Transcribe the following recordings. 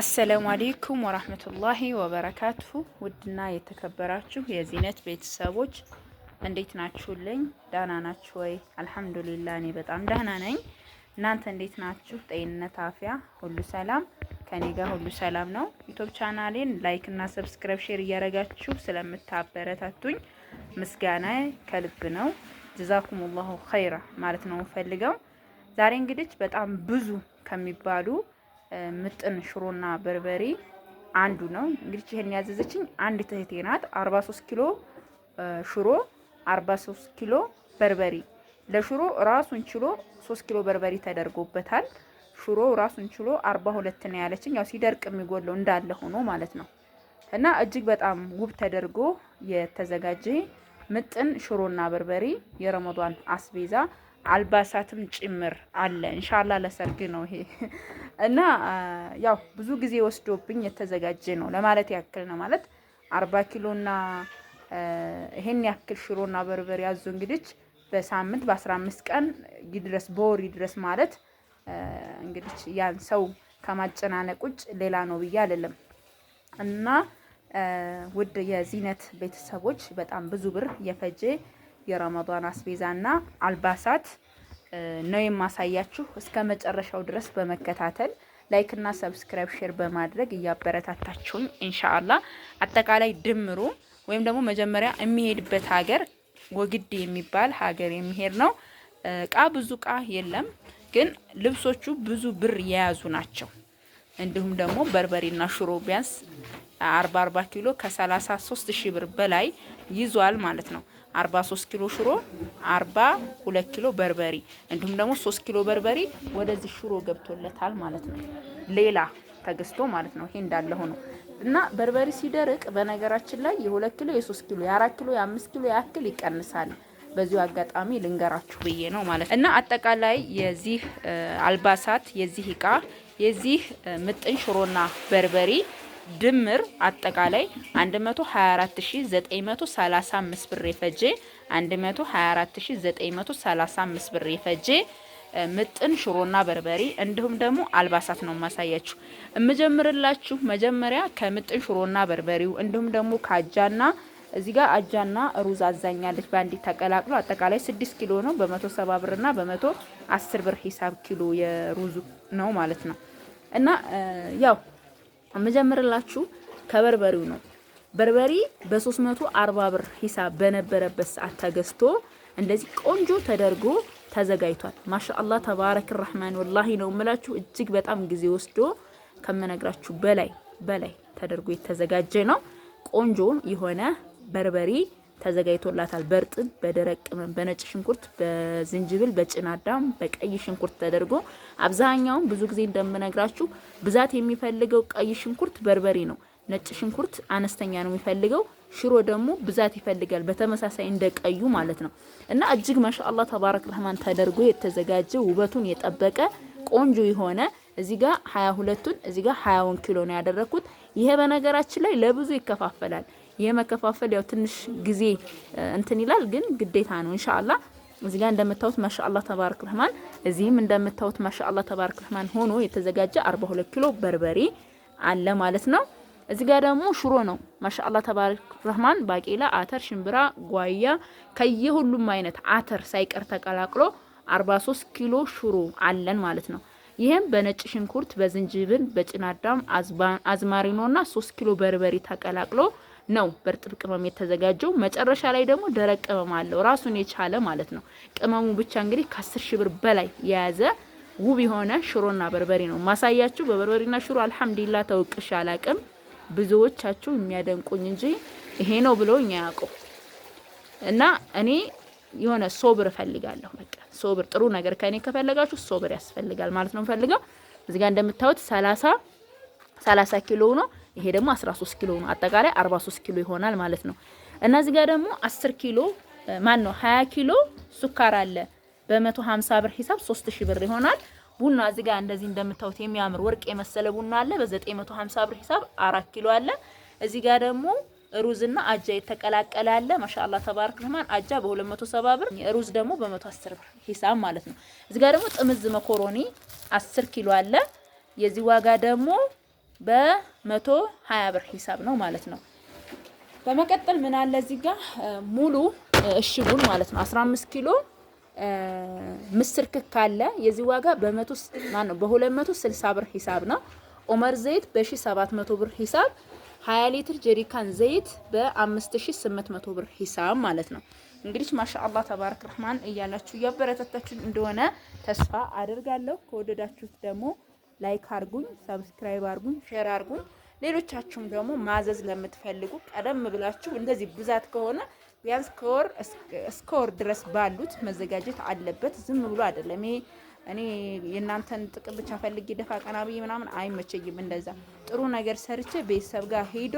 አሰላሙ አሌይኩም ወራህመቱላሂ ወበረካቱሁ። ውድና የተከበራችሁ የዚነት ቤተሰቦች እንዴት ናችሁልኝ? ዳህና ናችሁ ወይ? አልሐምዱሊላ እኔ በጣም ደህና ነኝ። እናንተ እንዴት ናችሁ? ጤንነት፣ አፍያ፣ ሁሉ ሰላም? ከኔ ጋር ሁሉ ሰላም ነው። ዩቱብ ቻናሌን ላይክ እና ሰብስክራይብ፣ ሼር እያደረጋችሁ ስለምታበረታቱኝ ምስጋና ከልብ ነው። ጀዛኩሙላሁ ኸይራ ማለት ነው ፈልገው ዛሬ እንግዲህ በጣም ብዙ ከሚባሉ ምጥን ሽሮና በርበሬ አንዱ ነው። እንግዲህ ይሄን ያዘዘችኝ አንድ እህቴ ናት። 43 ኪሎ ሽሮ፣ 43 ኪሎ በርበሬ። ለሽሮ ራሱን ችሎ 3 ኪሎ በርበሬ ተደርጎበታል። ሽሮ ራሱን ችሎ 42 ነው ያለችኝ። ያው ሲደርቅ የሚጎለው እንዳለ ሆኖ ማለት ነው። እና እጅግ በጣም ውብ ተደርጎ የተዘጋጀ ምጥን ሽሮና በርበሬ የረመዷን አስቤዛ አልባሳትም ጭምር አለ። እንሻላ ለሰርግ ነው ይሄ እና ያው ብዙ ጊዜ ወስዶብኝ የተዘጋጀ ነው ለማለት ያክል ነው። ማለት አርባ ኪሎና ይሄን ያክል ሽሮና በርበር ያዙ እንግዲች በሳምንት በአስራ አምስት ቀን ይድረስ በወር ይድረስ ማለት እንግዲች ያን ሰው ከማጨናነቅ ውጭ ሌላ ነው ብዬ አይደለም እና ውድ የዚነት ቤተሰቦች በጣም ብዙ ብር የፈጀ የረመዳን አስቤዛና አልባሳት ነው የማሳያችሁ። እስከ መጨረሻው ድረስ በመከታተል ላይክ እና ሰብስክራይብ ሼር በማድረግ እያበረታታችሁኝ እንሻአላ አጠቃላይ ድምሩ ወይም ደግሞ መጀመሪያ የሚሄድበት ሀገር ወግድ የሚባል ሀገር የሚሄድ ነው። እቃ ብዙ እቃ የለም፣ ግን ልብሶቹ ብዙ ብር የያዙ ናቸው። እንዲሁም ደግሞ በርበሬና ሽሮ ቢያንስ አርባ አርባ ኪሎ ከሰላሳ ሶስት ሺህ ብር በላይ ይዟል ማለት ነው። 43 ኪሎ ሽሮ፣ 42 ኪሎ በርበሬ እንዲሁም ደግሞ 3 ኪሎ በርበሬ ወደዚህ ሽሮ ገብቶለታል ማለት ነው። ሌላ ተገዝቶ ማለት ነው። ይሄ እንዳለ ሆኖ እና በርበሬ ሲደርቅ በነገራችን ላይ የ2 ኪሎ፣ የ3 ኪሎ፣ የ4 ኪሎ፣ የ5 ኪሎ ያክል ይቀንሳል። በዚሁ አጋጣሚ ልንገራችሁ ብዬ ነው ማለት እና አጠቃላይ የዚህ አልባሳት የዚህ እቃ የዚህ ምጥን ሽሮና በርበሬ። ድምር አጠቃላይ 124935 ብር የፈጀ 124935 ብር የፈጀ ምጥን ሽሮና በርበሬ እንዲሁም ደግሞ አልባሳት ነው የማሳያችሁ። እምጀምርላችሁ መጀመሪያ ከምጥን ሽሮና በርበሬው እንዲሁም ደግሞ ከአጃና እዚህ ጋር አጃና ሩዝ አዛኛለች በአንዲት ተቀላቅሎ አጠቃላይ 6 ኪሎ ነው በ170 ብርና በ110 ብር ሂሳብ ኪሎ የሩዙ ነው ማለት ነው እና ያው የምጀምርላችሁ ከበርበሪው ነው። በርበሪ በ340 ብር ሂሳብ በነበረበት ሰዓት ተገዝቶ እንደዚህ ቆንጆ ተደርጎ ተዘጋጅቷል። ማሻአላህ ተባረክ ረህማን ወላሂ ነው የምላችሁ። እጅግ በጣም ጊዜ ወስዶ ከምነግራችሁ በላይ በላይ ተደርጎ የተዘጋጀ ነው። ቆንጆ የሆነ በርበሪ ተዘጋጅቶላታል። በእርጥብ በደረቅ ቅመም፣ በነጭ ሽንኩርት፣ በዝንጅብል፣ በጭናዳም በቀይ ሽንኩርት ተደርጎ አብዛኛውን ብዙ ጊዜ እንደምነግራችሁ ብዛት የሚፈልገው ቀይ ሽንኩርት በርበሬ ነው። ነጭ ሽንኩርት አነስተኛ ነው የሚፈልገው። ሽሮ ደግሞ ብዛት ይፈልጋል። በተመሳሳይ እንደ ቀዩ ማለት ነው እና እጅግ ማሻአላ ተባረክ ረህማን ተደርጎ የተዘጋጀ ውበቱን የጠበቀ ቆንጆ የሆነ እዚህ ጋር 22ቱን እዚህ ጋር 20 ኪሎ ነው ያደረኩት። ይሄ በነገራችን ላይ ለብዙ ይከፋፈላል። የመከፋፈል ያው ትንሽ ጊዜ እንትን ይላል፣ ግን ግዴታ ነው ኢንሻአላህ። እዚህ ጋር እንደምታዩት ማሻአላህ ተባረክ ረህማን፣ እዚህም እንደምታዩት ማሻአላህ ተባረክ ረህማን ሆኖ የተዘጋጀ 42 ኪሎ በርበሬ አለ ማለት ነው። እዚህ ጋር ደግሞ ሽሮ ነው። ማሻአላህ ተባረክ ረህማን ባቄላ፣ አተር፣ ሽምብራ፣ ጓያ ከየሁሉም አይነት አተር ሳይቀር ተቀላቅሎ 43 ኪሎ ሽሮ አለን ማለት ነው። ይህም በነጭ ሽንኩርት፣ በዝንጅብል፣ በጭናዳም አዝማሪኖና 3 ኪሎ በርበሬ ተቀላቅሎ ነው በእርጥብ ቅመም የተዘጋጀው። መጨረሻ ላይ ደግሞ ደረቅ ቅመም አለው ራሱን የቻለ ማለት ነው። ቅመሙ ብቻ እንግዲህ ከአስር ሺህ ብር በላይ የያዘ ውብ የሆነ ሽሮና በርበሬ ነው ማሳያችሁ። በበርበሬና ሽሮ አልሐምዲላ ተወቅሽ አላቅም። ብዙዎቻችሁ የሚያደንቁኝ እንጂ ይሄ ነው ብሎ እኛ አያውቁም። እና እኔ የሆነ ሶብር እፈልጋለሁ። በቃ ሶብር፣ ጥሩ ነገር ከእኔ ከፈለጋችሁ ሶብር ያስፈልጋል ማለት ነው። ፈልገው እዚጋ እንደምታዩት ሰላሳ ሰላሳ ኪሎ ነው። ይሄ ደግሞ 13 ኪሎ ነው። አጠቃላይ 43 ኪሎ ይሆናል ማለት ነው። እና እዚህ ጋር ደግሞ 10 ኪሎ ማን ነው 20 ኪሎ ሱካር አለ በ150 ብር ሂሳብ 3000 ብር ይሆናል። ቡና እዚህ ጋር እንደዚህ እንደምታዩት የሚያምር ወርቅ የመሰለ ቡና አለ በ950 ብር ሂሳብ 4 ኪሎ አለ። እዚህ ጋር ደግሞ ሩዝና አጃ የተቀላቀለ አለ። ማሻአላ ተባረክ ረህማን። አጃ በ270 ብር፣ ሩዝ ደግሞ በ110 ብር ሂሳብ ማለት ነው። እዚህ ጋር ደግሞ ጥምዝ መኮሮኒ 10 ኪሎ አለ። የዚህ ዋጋ ደግሞ በመቶ ሀያ ብር ሂሳብ ነው ማለት ነው። በመቀጠል ምን አለ እዚህ ጋር ሙሉ እሽጉን ማለት ነው 15 ኪሎ ምስር ክክ የዚህ ዋጋ በ100 ማን ነው በ260 ብር ሂሳብ ነው። ኦመር ዘይት በ1700 ብር ሂሳብ 20 ሊትር ጀሪካን ዘይት በ5800 ብር ሂሳብ ማለት ነው። እንግዲህ ማሻአላህ ተባረክ ረህማን እያላችሁ እያበረታታችሁ እንደሆነ ተስፋ አድርጋለሁ። ከወደዳችሁት ደግሞ ላይክ አርጉኝ፣ ሰብስክራይብ አርጉኝ፣ ሼር አርጉኝ። ሌሎቻችሁም ደግሞ ማዘዝ ለምትፈልጉ ቀደም ብላችሁ እንደዚህ ብዛት ከሆነ ቢያንስ ከወር እስከ ወር ድረስ ባሉት መዘጋጀት አለበት። ዝም ብሎ አይደለም ይሄ እኔ የእናንተን ጥቅም ብቻ ፈልግ ደፋ ቀና ብዬ ምናምን አይመቸኝም። እንደዛ ጥሩ ነገር ሰርቼ ቤተሰብ ጋር ሄዶ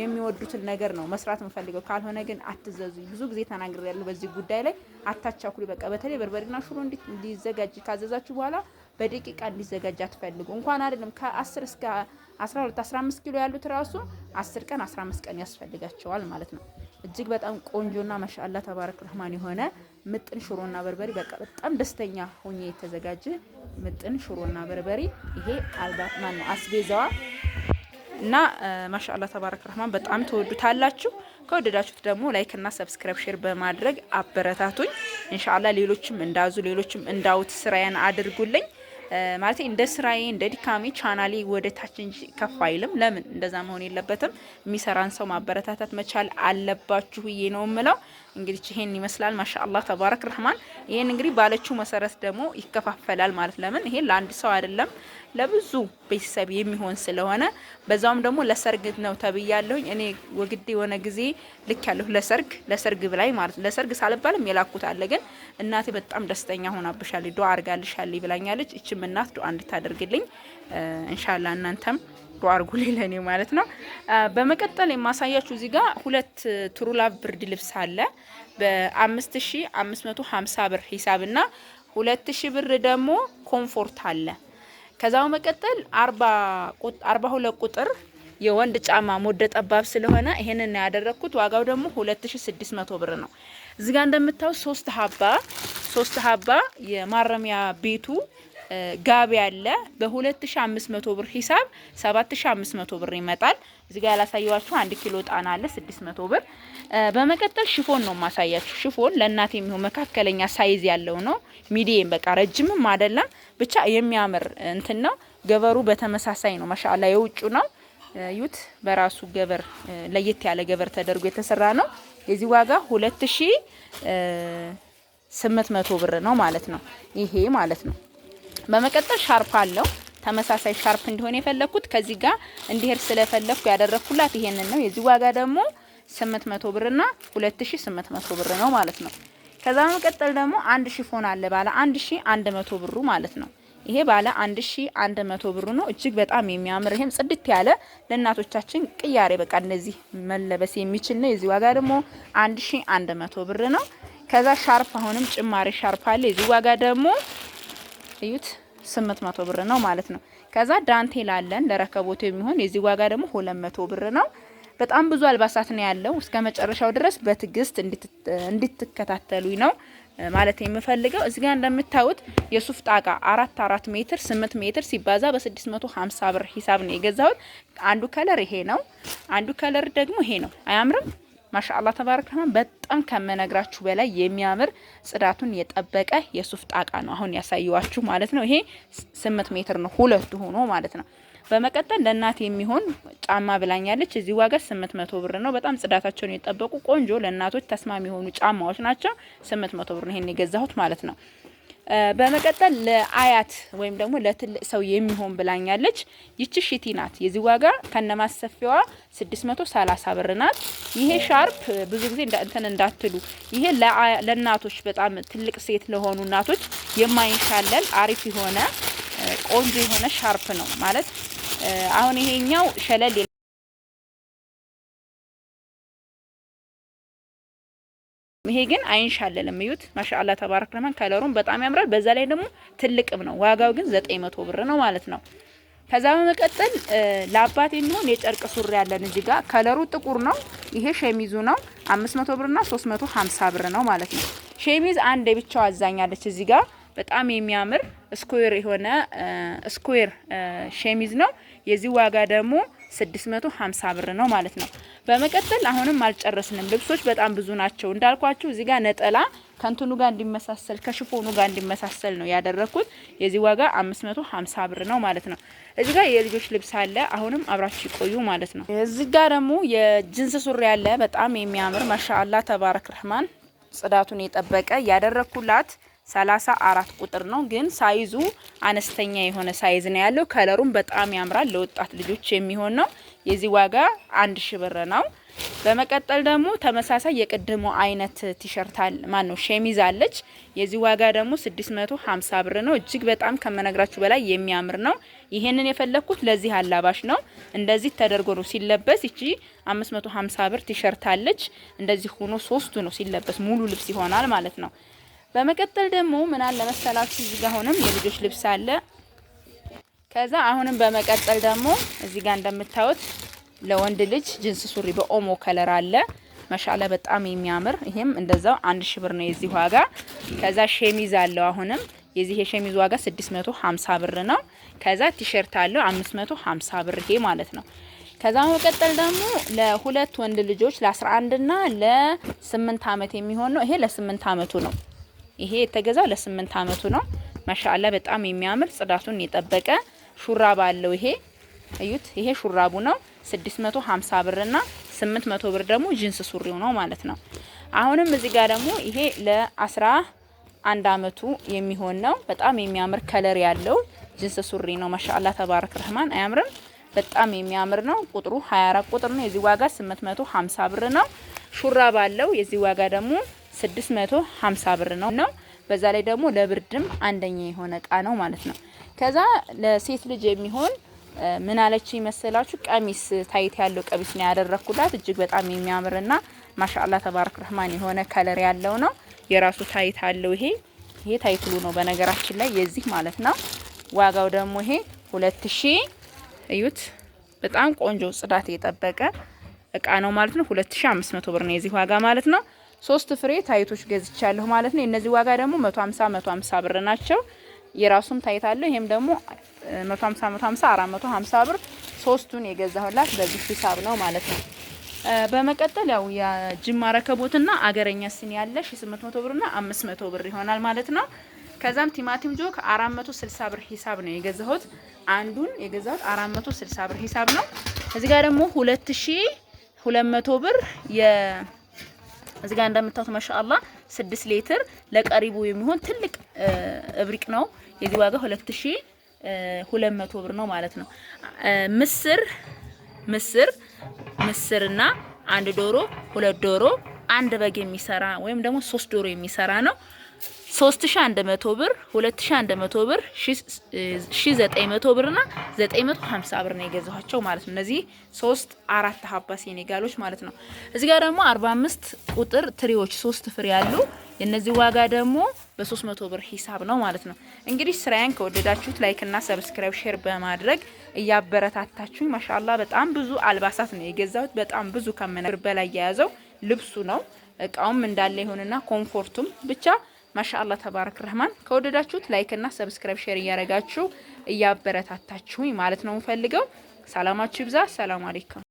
የሚወዱትን ነገር ነው መስራት የምፈልገው። ካልሆነ ግን አትዘዙ። ብዙ ጊዜ ተናግሬያለሁ በዚህ ጉዳይ ላይ አታቻኩሪ። በቃ በተለይ በርበሬና ሽሮ እንዲዘጋጅ ካዘዛችሁ በኋላ በደቂቃ እንዲዘጋጅ አትፈልጉ። እንኳን አይደለም ከ10 እስከ 12 15 ኪሎ ያሉት ራሱ 10 ቀን 15 ቀን ያስፈልጋቸዋል ማለት ነው። እጅግ በጣም ቆንጆና ማሻአላ ተባረክ ረህማን የሆነ ምጥን ሽሮና በርበሬ በቃ በጣም ደስተኛ ሆኜ የተዘጋጀ ምጥን ሽሮና በርበሬ ይሄ አልባት ማን ነው አስቤዛዋ እና ማሻአላ ተባረክ ረህማን በጣም ተወዱታላችሁ። ከወደዳችሁት ደግሞ ላይክ እና ሰብስክራይብ ሼር በማድረግ አበረታቱኝ። ኢንሻአላ ሌሎችም እንዳዙ ሌሎችም እንዳውት ስራያን አድርጉልኝ። ማለት እንደ ስራዬ እንደ ድካሜ ቻናሌ ወደ ታች እንጂ ከፍ አይልም። ለምን እንደዛ መሆን የለበትም። የሚሰራን ሰው ማበረታታት መቻል አለባችሁ ብዬ ነው የምለው። እንግዲህ ይሄን ይመስላል። ማሻአላህ ተባረክ ረህማን። ይሄን እንግዲህ ባለችው መሰረት ደግሞ ይከፋፈላል ማለት ለምን ይሄ ለአንድ ሰው አይደለም ለብዙ ቤተሰብ የሚሆን ስለሆነ በዛውም ደግሞ ለሰርግ ነው ተብያለሁኝ። እኔ ወግዴ የሆነ ጊዜ ልክ ያለሁ ለሰርግ ለሰርግ ብላይ ማለት ለሰርግ ሳልባልም የላኩት አለ። ግን እናቴ በጣም ደስተኛ ሆናብሻል፣ ዱአ አርጋልሻል ብላኛለች። እችም እናት ዱአ እንድታደርግልኝ እንሻላ እናንተም አድርጉ ነው ማለት ነው። በመቀጠል የማሳያችሁ እዚህ ጋር ሁለት ትሩላቭ ብርድ ልብስ አለ በ5550 ብር ሂሳብና 2000 ብር ደግሞ ኮምፎርት አለ። ከዛው መቀጠል 42 ቁጥር የወንድ ጫማ ሞደ ጠባብ ስለሆነ ይሄንን ያደረግኩት ያደረኩት። ዋጋው ደግሞ 2600 ብር ነው። እዚህ ጋር እንደምታዩት ሶስት ሀባ ሶስት ሀባ የማረሚያ ቤቱ ጋቢ አለ በ2500 ብር ሂሳብ 7500 ብር ይመጣል። እዚህ ጋር ያላሳየዋችሁ አንድ ኪሎ ጣና አለ 600 ብር። በመቀጠል ሽፎን ነው ማሳያችሁ። ሽፎን ለእናት የሚሆን መካከለኛ ሳይዝ ያለው ነው። ሚዲየም በቃ ረጅምም አይደለም ብቻ የሚያምር እንትን ነው። ገበሩ በተመሳሳይ ነው። ማሻአላ የውጩ ነው ዩት በራሱ ገበር ለየት ያለ ገበር ተደርጎ የተሰራ ነው። የዚህ ዋጋ 2800 ብር ነው ማለት ነው። ይሄ ማለት ነው። በመቀጠል ሻርፕ አለው ተመሳሳይ ሻርፕ እንዲሆን የፈለኩት ከዚህ ጋር እንዲሄድ ስለፈለኩ ያደረኩላት ይሄንን ነው። የዚህ ዋጋ ደግሞ 800 ብርና 2800 ብር ነው ማለት ነው። ከዛ በመቀጠል ደግሞ አንድ ሽፎን አለ ባለ 1100 ብሩ ማለት ነው። ይሄ ባለ 1100 ብሩ ነው። እጅግ በጣም የሚያምር ይሄም ጽድት ያለ ለእናቶቻችን ቅያሬ በቃ እንደዚህ መለበስ የሚችል ነው። የዚህ ዋጋ ደግሞ 1100 ብር ነው። ከዛ ሻርፕ አሁንም ጭማሪ ሻርፕ አለ። የዚህ ዋጋ ደግሞ እዩት 800 ብር ነው ማለት ነው። ከዛ ዳንቴል አለን ለረከቦቱ የሚሆን የዚህ ዋጋ ደግሞ 200 ብር ነው። በጣም ብዙ አልባሳት ነው ያለው። እስከ መጨረሻው ድረስ በትግስት እንድትከታተሉኝ ነው ማለት የምፈልገው። እዚህ ጋር እንደምታዩት የሱፍ ጣቃ አራት አራት ሜትር ስምንት ሜትር ሲባዛ በ650 ብር ሂሳብ ነው የገዛሁት። አንዱ ከለር ይሄ ነው፣ አንዱ ከለር ደግሞ ይሄ ነው። አያምርም? ማሻአላ ተባረክ ረህማን በጣም ከመነግራችሁ በላይ የሚያምር ጽዳቱን የጠበቀ የሱፍ ጣቃ ነው አሁን ያሳየዋችሁ ማለት ነው። ይሄ ስምንት ሜትር ነው ሁለቱ ሆኖ ማለት ነው። በመቀጠል ለእናት የሚሆን ጫማ ብላኛለች። እዚህ ዋጋ መቶ ብር ነው። በጣም ጽዳታቸውን የጠበቁ ቆንጆ ለእናቶች ተስማሚ የሆኑ ጫማዎች ናቸው። መቶ ብር ነው ይሄን የገዛሁት ማለት ነው። በመቀጠል ለአያት ወይም ደግሞ ለትልቅ ሰው የሚሆን ብላኛለች። ይቺ ሽቲ ናት። የዚህ ዋጋ ከነማሰፊዋ 630 ብር ናት። ይሄ ሻርፕ ብዙ ጊዜ እንትን እንዳትሉ፣ ይሄ ለእናቶች በጣም ትልቅ ሴት ለሆኑ እናቶች የማይሻለል አሪፍ የሆነ ቆንጆ የሆነ ሻርፕ ነው ማለት አሁን ይሄኛው ሸለል ይሄ ግን አይንሻለልም። እዩት ማሻአላ ተባረክ ረህማን ከለሩም በጣም ያምራል። በዛ ላይ ደግሞ ትልቅም ነው። ዋጋው ግን 900 ብር ነው ማለት ነው። ከዛ በመቀጠል ለአባቴ የሚሆን የጨርቅ ሱሪ ያለን እዚህ ጋር ከለሩ ጥቁር ነው። ይሄ ሸሚዙ ነው 500 ብርና 350 ብር ነው ማለት ነው። ሸሚዝ አንድ ብቻው አዛኛለች እዚህ ጋር በጣም የሚያምር ስኩዌር የሆነ ስኩዌር ሸሚዝ ነው። የዚህ ዋጋ ደግሞ 650 ብር ነው ማለት ነው። በመቀጠል አሁንም አልጨረስንም። ልብሶች በጣም ብዙ ናቸው እንዳልኳችሁ። እዚህ ጋር ነጠላ ከንትኑ ጋር እንዲመሳሰል ከሽፎኑ ጋር እንዲመሳሰል ነው ያደረኩት። የዚህ ዋጋ 550 ብር ነው ማለት ነው። እዚህ ጋር የልጆች ልብስ አለ። አሁንም አብራችሁ ይቆዩ ማለት ነው። እዚህ ጋር ደግሞ የጅንስ ሱሪ አለ። በጣም የሚያምር ማሻአላ ተባረክ ረህማን ጽዳቱን የጠበቀ ያደረኩላት ሰላሳ አራት ቁጥር ነው ግን ሳይዙ አነስተኛ የሆነ ሳይዝ ነው ያለው። ከለሩም በጣም ያምራል። ለወጣት ልጆች የሚሆን ነው። የዚህ ዋጋ አንድ ሺ ብር ነው። በመቀጠል ደግሞ ተመሳሳይ የቅድሞ አይነት ቲሸርት አለ ማን ነው ሸሚዝ አለች። የዚህ ዋጋ ደግሞ 650 ብር ነው። እጅግ በጣም ከመነግራችሁ በላይ የሚያምር ነው። ይሄንን የፈለኩት ለዚህ አላባሽ ነው። እንደዚህ ተደርጎ ነው ሲለበስ። ይቺ 550 ብር ቲሸርት አለች። እንደዚህ ሆኖ ሶስቱ ነው ሲለበስ ሙሉ ልብስ ይሆናል ማለት ነው። በመቀጠል ደግሞ ምን አለ መሰላችሁ እዚህ ጋር አሁንም የልጆች ልብስ አለ። ከዛ አሁንም በመቀጠል ደግሞ እዚህ ጋር እንደምታዩት ለወንድ ልጅ ጅንስ ሱሪ በኦሞ ከለር አለ። መሻለ በጣም የሚያምር ይሄም እንደዛው አንድ ሺህ ብር ነው የዚህ ዋጋ። ከዛ ሸሚዝ አለው አሁንም የዚህ የሸሚዝ ዋጋ 650 ብር ነው። ከዛ ቲሸርት አለው 550 ብር ይሄ ማለት ነው። ከዛ መቀጠል ደግሞ ለሁለት ወንድ ልጆች ለ11 እና ለ8 አመት የሚሆን ነው። ይሄ ለ8 አመቱ ነው። ይሄ የተገዛው ለስምንት አመቱ ነው። ማሻአላ በጣም የሚያምር ጽዳቱን የጠበቀ ሹራብ አለው። ይሄ እዩት፣ ይሄ ሹራቡ ነው 650 ብር እና 800 ብር ደግሞ ጂንስ ሱሪው ነው ማለት ነው። አሁንም እዚህ ጋር ደግሞ ይሄ ለአስራ 11 አመቱ የሚሆን ነው። በጣም የሚያምር ከለር ያለው ጂንስ ሱሪ ነው። ማሻአላ ተባረክ ረህማን አያምርም? በጣም የሚያምር ነው። ቁጥሩ 24 ቁጥር ነው። የዚህ ዋጋ 850 ብር ነው። ሹራብ አለው። የዚህ ዋጋ ደግሞ 650 ብር ነው ነው። በዛ ላይ ደግሞ ለብርድም አንደኛ የሆነ እቃ ነው ማለት ነው። ከዛ ለሴት ልጅ የሚሆን ምን አለች ይመስላችሁ? ቀሚስ ታይት ያለው ቀሚስ ነው ያደረኩላት። እጅግ በጣም የሚያምርና ማሻአላ ተባረክ ረህማን የሆነ ከለር ያለው ነው። የራሱ ታይት አለው። ይሄ ይሄ ታይትሉ ነው በነገራችን ላይ የዚህ ማለት ነው። ዋጋው ደግሞ ይሄ 2000 እዩት። በጣም ቆንጆ ጽዳት የጠበቀ እቃ ነው ማለት ነው። 2500 ብር ነው የዚህ ዋጋ ማለት ነው። ሶስት ፍሬ ታይቶች ገዝቻለሁ ማለት ነው። የነዚህ ዋጋ ደግሞ 150 150 ብር ናቸው። የራሱም ታይት አለ። ይሄም ደግሞ 150 150 450 ብር ሶስቱን የገዛሁላት በዚህ ሂሳብ ነው ማለት ነው። በመቀጠል ያው የጅማ ረከቦትና አገረኛ ስኒ ያለ 800 ብርና 500 ብር ይሆናል ማለት ነው። ከዛም ቲማቲም ጆክ 460 ብር ሂሳብ ነው የገዛሁት። አንዱን የገዛሁት 460 ብር ሂሳብ ነው። እዚህ ጋር ደግሞ 2200 ብር እዚህ ጋር እንደምታዩት ማሻአላ 6 ሊትር ለቀሪቡ የሚሆን ትልቅ እብሪቅ ነው። የዚህ ዋጋ 2200 ብር ነው ማለት ነው። ምስር ምስር ምስርና አንድ ዶሮ፣ ሁለት ዶሮ፣ አንድ በግ የሚሰራ ወይም ደግሞ ሶስት ዶሮ የሚሰራ ነው። 3100 ብር 2100 ብር 1900 ብር እና 950 ብር ነው የገዛኋቸው ማለት ነው። እነዚህ ሶስት አራት ሀባ ሴኔጋሎች ማለት ነው። እዚህ ጋር ደግሞ 45 ቁጥር ትሪዎች ሶስት ፍሬ ያሉ የነዚህ ዋጋ ደግሞ በ300 ብር ሂሳብ ነው ማለት ነው። እንግዲህ ስራዬን ከወደዳችሁት ላይክ እና ሰብስክራይብ ሼር በማድረግ እያበረታታችሁኝ ማሻላ በጣም ብዙ አልባሳት ነው የገዛሁት። በጣም ብዙ ከምነግር በላይ የያዘው ልብሱ ነው። እቃውም እንዳለ ይሁንና ኮምፎርቱም ብቻ ማሻአላ ተባረክ ረህማን። ከወደዳችሁት ላይክና ሰብስክራይብ ሼር እያረጋችሁ እያበረታታችሁኝ ማለት ነው ምፈልገው። ሰላማችሁ ይብዛ። ሰላም አለይኩም